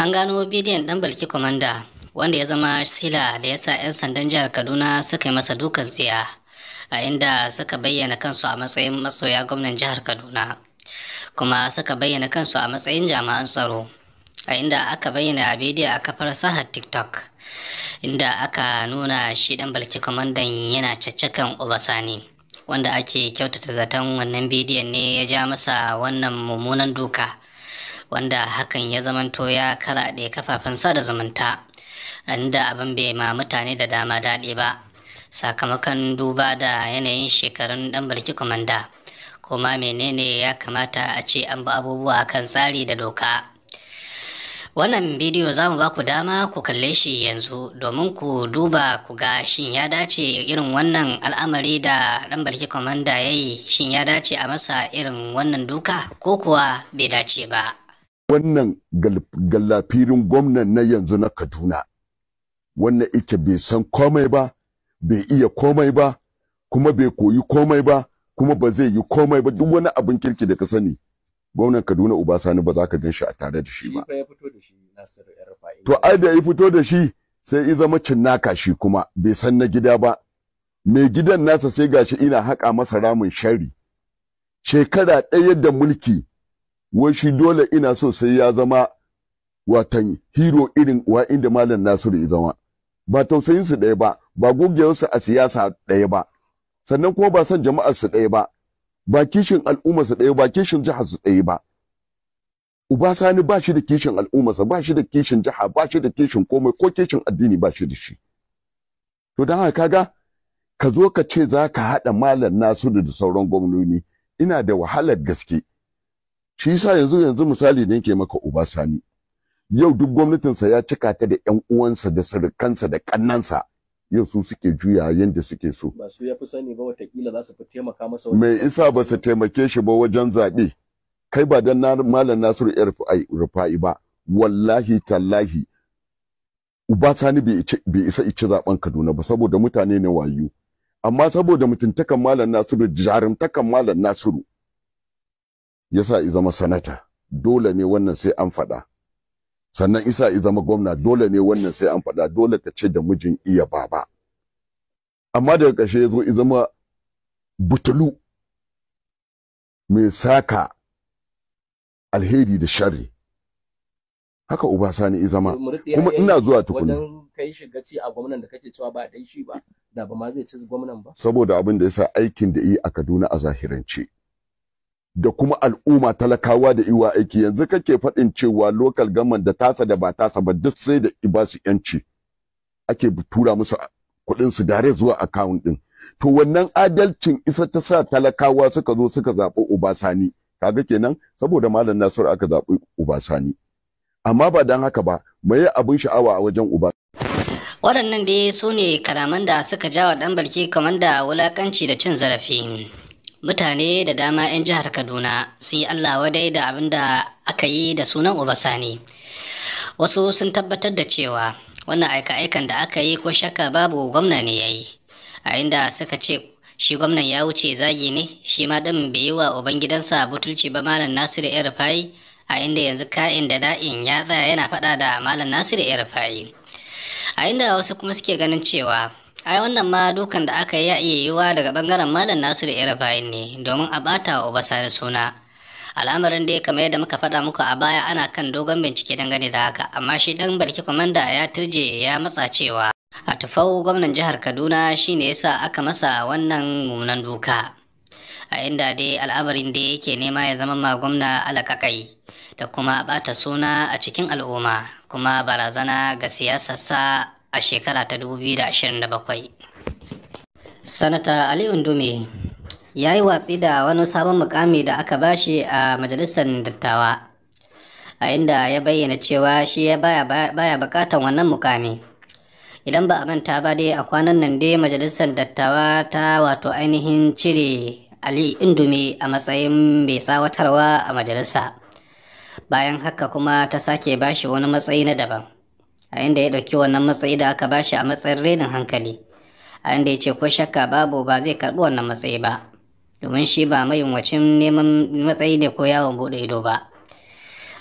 an gano bidiyon dan balki komanda wanda ya zama sila da ya sa 'yan sandan jihar kaduna suka yi masa dukan tsiya a inda suka bayyana kansu a matsayin masoya gwamnan jihar kaduna kuma suka bayyana kansu a matsayin jami'an tsaro a inda aka bayyana a bidiyo a kafar sahar tiktok inda aka nuna shi dan balki kwamandan yana caccakan obasani wanda ake kyautata zaton wannan bidiyon ne ya ja masa wannan mummunan duka wanda hakan ya zamanto ya karaɗe kafafen sada zumunta inda abin bai ma mutane da dama daɗe ba sakamakon duba da yanayin shekarun ɗan barki kwamanda kuma menene ya kamata a ce an bi abubuwa kan tsari da doka wannan bidiyo za mu ba ku dama ku kalle shi yanzu domin ku duba ku ga shin ya dace irin wannan al'amari da ɗan barki kwamanda ya yi shin ya dace a masa irin wannan doka ko kuwa bai dace ba wannan gallafirin gwamnan na yanzu na kaduna wannan ike bai san komai ba bai iya komai ba kuma bai koyi komai ba kuma ba zai yi komai ba duk wani abin kirki da ka sani gwamnan kaduna Uba Sani ba za ka gan a tare da shi ba to ai da ya fito da shi sai i zama cin naka. shi kuma bai san na gida ba mai gidan nasa sai gashi ina haƙa masa ramin shari shekara ɗaya da mulki wai shi dole ina so sai ya zama watan hero irin wa inda malam nasiru ya zama ba tausayin su ɗaya ba ba su a siyasa ɗaya ba sannan kuma ba son jama'ar su ɗaya ba ba kishin al'umma su ɗaya ba kishin jihar su ɗaya ba uba sani ba shi da kishin sa ba shi da kishin jiha ba shi da kishin komai ko kishin addini ba shi da shi to dan haka kaga ka zo ka ce za ka haɗa malam nasiru da sauran gwamnoni ina da wahalar gaske shi yasa yanzu yanzu misali ne yake maka uba sani yau duk gwamnatinsa ya cika ta da yan uwansa da sirikansa da kannansa yau su suke juya yadda suke so ba su yafi sani ba watakila za su fi taimaka masa mai isa ba su taimake shi ba wajen zaɓe kai ba dan malam nasiru rufa'i ba wallahi tallahi uba sani bai isa ici zaben kaduna ba saboda mutane ne wayo amma saboda mutuntakan malam nasiru jarumtakan malam nasiru yasa i zama sanata dole ne wannan sai an faɗa sannan isa i zama gwamna dole ne wannan sai an faɗa dole ka ce da mijin iya baba amma daga ƙarshe ya zo i zama butulu mai saka alheri da shari haka uba sani i zama kuma ina zuwa tukuni kai shiga ci a gwamnan da kake cewa ba dai shi ba da ba ma zai ci gwamnan ba saboda abin da yasa aikin da yi a Kaduna a zahirance da kuma al'umma talakawa da iwa aiki yanzu kake faɗin cewa lokal gaman da tasa da ba tasa ba duk sai da ba su yanci ake tura musu kuɗin su dare zuwa account ɗin to wannan adalcin isa ta sa talakawa suka zo suka zaɓi Obasani kaga kenan saboda malam Nasiru aka zaɓi Obasani amma ba dan haka ba mai abin sha'awa a wajen Uba waɗannan dai su ne kalaman da suka jawa ɗan balki kamar da wulakanci da cin zarafi mutane da dama 'yan jihar kaduna sun yi allah wadai da abin da aka yi da sunan obasani wasu sun tabbatar da cewa wannan aika-aikan da aka yi ko shakka babu gwamna ne ya yi a inda suka ce shi gwamnan ya wuce zagi ne shi ma ɗin bai yi wa ubangidansa butulci ba malam nasiru erfayi a inda yanzu ka'in da da'in ya tsaya yana faɗa da malam nasiru erfayi a inda wasu kuma suke ganin cewa ai wannan ma dukan da aka yi ya iya yiwuwa daga bangaren malam nasiru irafayin ne domin a bata wa obasari suna al'amarin da ya kamar yadda muka faɗa muku a baya ana kan dogon bincike don gani da haka amma shi dan barki kwamanda ya turje ya matsa cewa a tufau gwamnan jihar kaduna shine yasa aka masa wannan mummunan duka a inda dai al'amarin da yake nema ya zama ma gwamna alakakai da kuma bata suna a cikin al'umma kuma barazana ga siyasarsa a shekara ta 2027 sanata ali undumi ya yi watsi da wani sabon mukami da aka bashi a majalisar dattawa a inda ya bayyana cewa shi ya baya bukatan wannan mukami idan ba a manta ba dai a kwanan nan dai majalisar dattawa ta wato ainihin cire ali indumi a matsayin mai tsawatarwa a majalisa bayan haka kuma ta sake bashi wani matsayi na daban a inda ya ɗauki wannan matsayi da aka bashi a matsayin renin hankali a inda ya ce ko shakka babu ba zai karɓi wannan matsayi ba domin shi ba mayunwacin neman matsayi ne ko yawon buɗe ido ba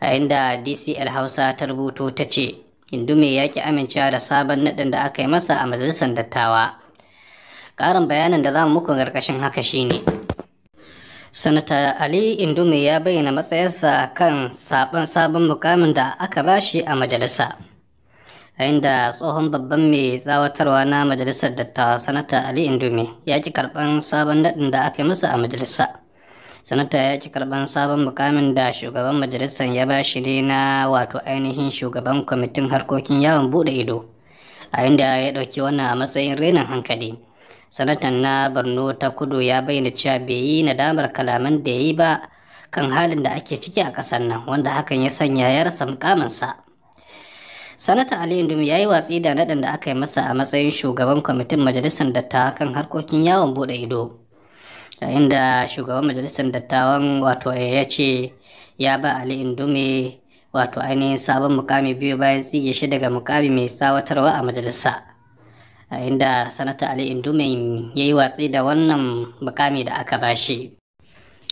a inda dcl hausa ta rubuto ta ce indume ya ki amincewa da sabon naɗin da aka yi masa a majalisar dattawa ƙarin bayanin da za mu muku ƙarƙashin haka shi ne. sanata ali indume ya bayyana matsayarsa kan sabon mukamin da aka bashi a majalisa a inda tsohon babban mai tsawatarwa na majalisar dattawa sanata ali indomi ya ci karban sabon daɗin da aka yi masa a majalisa sanata ya ci karban sabon mukamin da shugaban majalisar ya ba shi ne na wato ainihin shugaban kwamitin harkokin yawon buɗe ido a inda ya ɗauki wannan a matsayin renin hankali sanatan na borno ta kudu ya bayyana cewa bai yi nadamar kalaman da ya yi ba kan halin da ake ciki a ƙasar nan wanda hakan ya sanya ya rasa mukaminsa sanata ali indumi ya yi watsi da naɗin da aka yi masa a matsayin shugaban kwamitin majalisar dattawa kan harkokin yawon buɗe ido yayin da shugaban majalisar dattawan wato ya ce ya ba ali indumi wato ainihin sabon mukami biyu bayan tsige shi daga mukami mai tsawatarwa a majalisa yayin da sanata ali indume ya yi watsi da wannan mukami da aka bashi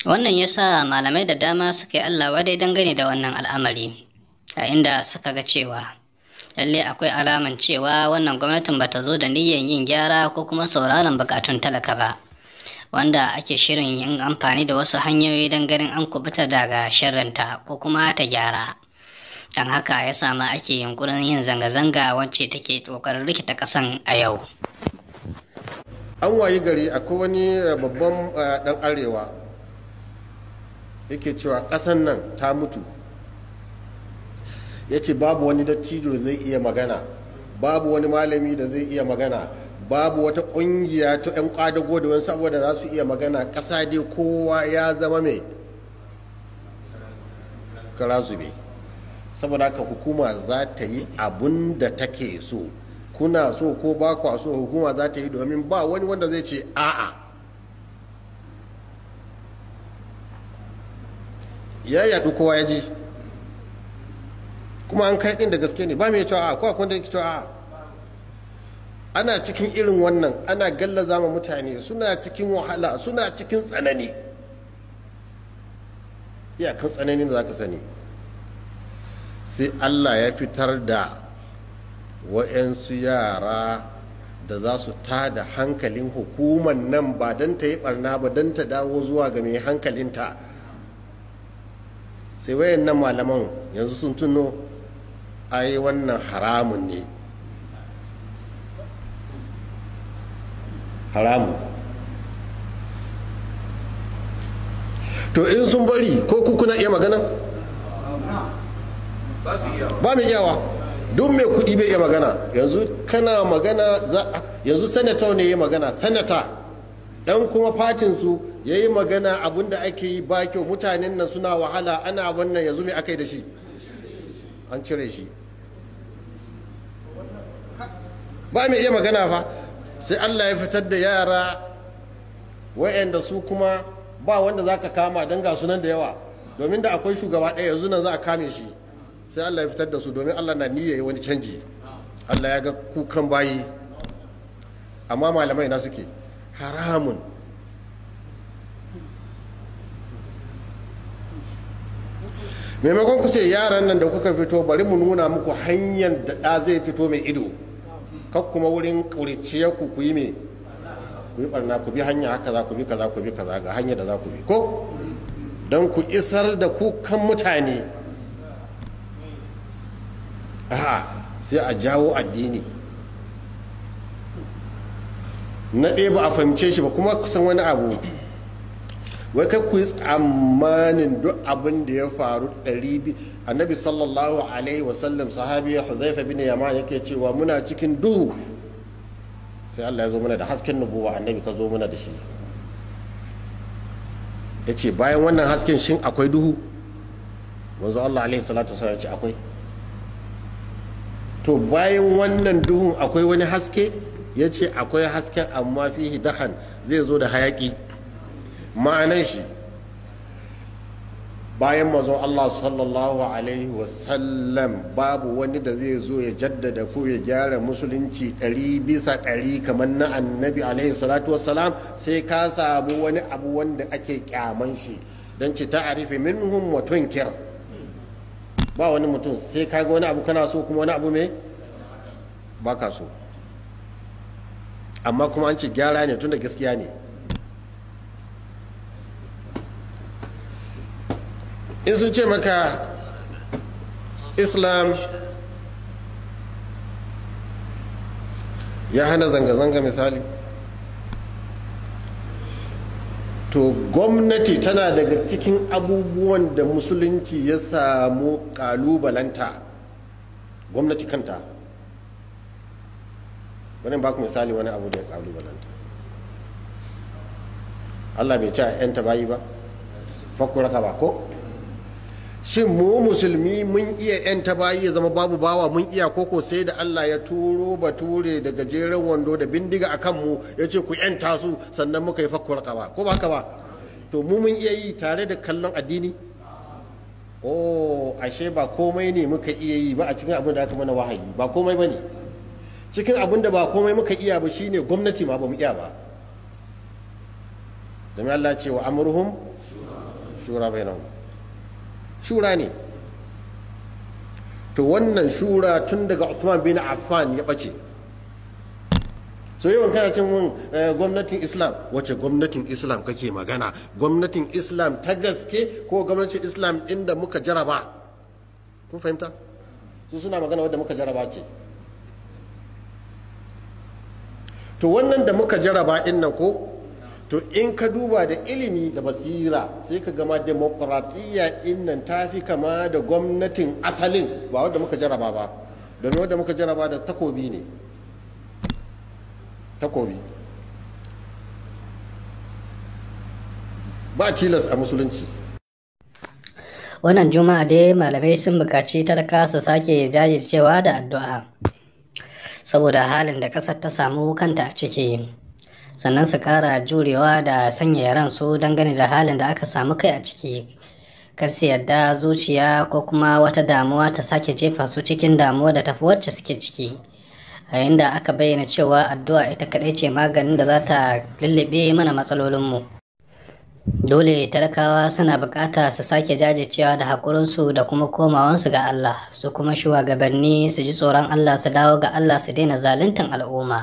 wannan ya sa malamai da dama suka yi allah wadai dangane da wannan al'amari yayin da suka ga cewa lalle akwai alaman cewa wannan gwamnatin bata zo da niyyar yin gyara ko kuma sauraron bukatun talaka ba wanda ake shirin yin amfani da wasu hanyoyi don ganin an kubuta daga shirinta ko kuma ta gyara don haka ya sama ake yunkurin yin zanga-zanga wacce take kokarin rikita kasan a yau an wayi gari akwai wani eh, babban dan eh, arewa yake cewa kasan nan ta mutu ya ce babu wani dattijo zai iya magana babu wani malami da zai iya magana babu wata ƙungiya ta 'yan ƙwadago da wani saboda za su iya magana ƙasa dai kowa ya zama mai zube saboda haka hukuma za ta yi abun da take so kuna so ko ba kwa so hukuma za ta yi domin ba wani wanda zai ce a'a ya yadu kowa ya ji kuma an kai din da gaske ne ba mai cewa a ko akwai wanda yake cewa ana cikin irin wannan ana gallaza ma mutane suna cikin wahala suna cikin tsanani iyakan tsananin da zaka sani sai Allah ya fitar da wa'yansu yara da za su tada hankalin hukuman nan ba don ta yi barna ba don ta dawo zuwa ga mai hankalinta sai wayan nan malaman yanzu sun tuno ai wannan haramun ne haramun to in sun bari ko kuna iya magana ba mu iyawa duk mai kudi bai iya magana yanzu kana magana za yanzu sanata ne ya magana sanata dan kuma fatinsu ya yi magana abinda ake yi ba kyau mutanen nan suna wahala ana wannan yanzu mai aka yi da shi an cire shi ba mai iya magana fa sai Allah ya fitar da yara wa'anda su kuma ba wanda zaka kama don ga sunan da yawa domin da akwai shugaba ɗaya yanzu nan za a kame shi sai Allah ya fitar da su domin Allah na niyya yi wani canji Allah ya ga kukan bayi amma malamai na suke haramun maimakon ku ce yaran nan da kuka fito bari mu nuna muku hanyar da ɗa zai fito mai ido kak kuma wurin ƙuriciyarku ku yi mai ku yi ɓarna ku bi hanya haka za ku bi kaza ku bi kaza ga hanyar da za ku bi ko don ku isar da kukan mutane aha sai a jawo addini na ɗaya ba a fahimce shi ba kuma kusan wani abu wai kai ku yi tsammanin duk abin da ya faru ɗari biyu annabi sallallahu alaihi wasallam sahabi huzaifa bin yaman yake cewa muna cikin duhu sai Allah ya zo mana da hasken nubuwa annabi ka zo mana da shi ya ce bayan wannan hasken shin akwai duhu manzo Allah alaihi salatu wasallam ya ce akwai to bayan wannan duhun akwai wani haske ya ce akwai hasken amma fihi dahan zai zo da hayaki ma'anan shi bayan mazan Allah sallallahu alaihi wasallam babu wani da zai zo ya jaddada ko ya gyara musulunci ɗari bisa ɗari kamar na annabi alaihi salatu wasalam sai ka samu wani abu wanda ake kyaman shi don ci arife minhum wa tunkir ba wani mutum sai ka ga wani abu kana so kuma wani abu me ba ka so amma kuma an ci gyara ne tunda gaskiya ne in sun ce maka islam ya hana zanga-zanga misali to gwamnati tana daga cikin abubuwan da musulunci ya samu kalubalanta gwamnati kanta wani ba ku misali wani abu da ya kalubalanta Allah bai ce a 'yan bayi ba fakkura ka ba ko shin mu musulmi mun iya yan tabayi ya zama babu bawa mun iya koko sai da Allah ya turo bature da gajeren wando da bindiga a kanmu ya ce ku yan tasu sannan muka yi fakkuwar kaba ko ba kaba ba to mu mun iya yi tare da kallon addini oh ashe ba komai ne muka iya yi ba a cikin abin da aka mana wahayi ba komai ba ne cikin abin da ba komai muka iya ba shine gwamnati ma ba mu iya ba domin Allah ce wa amurhum shura bainahum shura ne to wannan shura tun daga Uthman bin Affan ya bace so yawan kana cin mun eh, gwamnatin Islam wace gwamnatin Islam kake magana gwamnatin Islam ta gaske ko gwamnatin Islam inda muka jaraba kun fahimta su suna magana wadda muka jaraba ce to wannan da muka jaraba din nan ko to in ka duba da ilimi da basira sai ka gama demokratiyya innan ta fi kama da gwamnatin asalin ba wadda muka jaraba ba domin wadda muka jaraba da takobi ne takobi ba tilas a musulunci wannan juma'a dai malamai sun buƙaci talaka su sake jajircewa da addu'a saboda halin da kasar ta samu kanta a ciki sannan su kara jurewa da sanya ransu su dangane da halin da aka samu kai a ciki kar su yadda zuciya ko kuma wata damuwa ta sake jefa su cikin damuwa da tafi wacce suke ciki a yadda aka bayyana cewa addu'a ita kaɗai ce maganin da za ta lullube mana matsalolinmu dole talakawa suna bukata su sake jajircewa da haƙurinsu da kuma komawansu ga Allah su kuma shugabanni su ji tsoron Allah su dawo ga Allah su daina zaluntan al'umma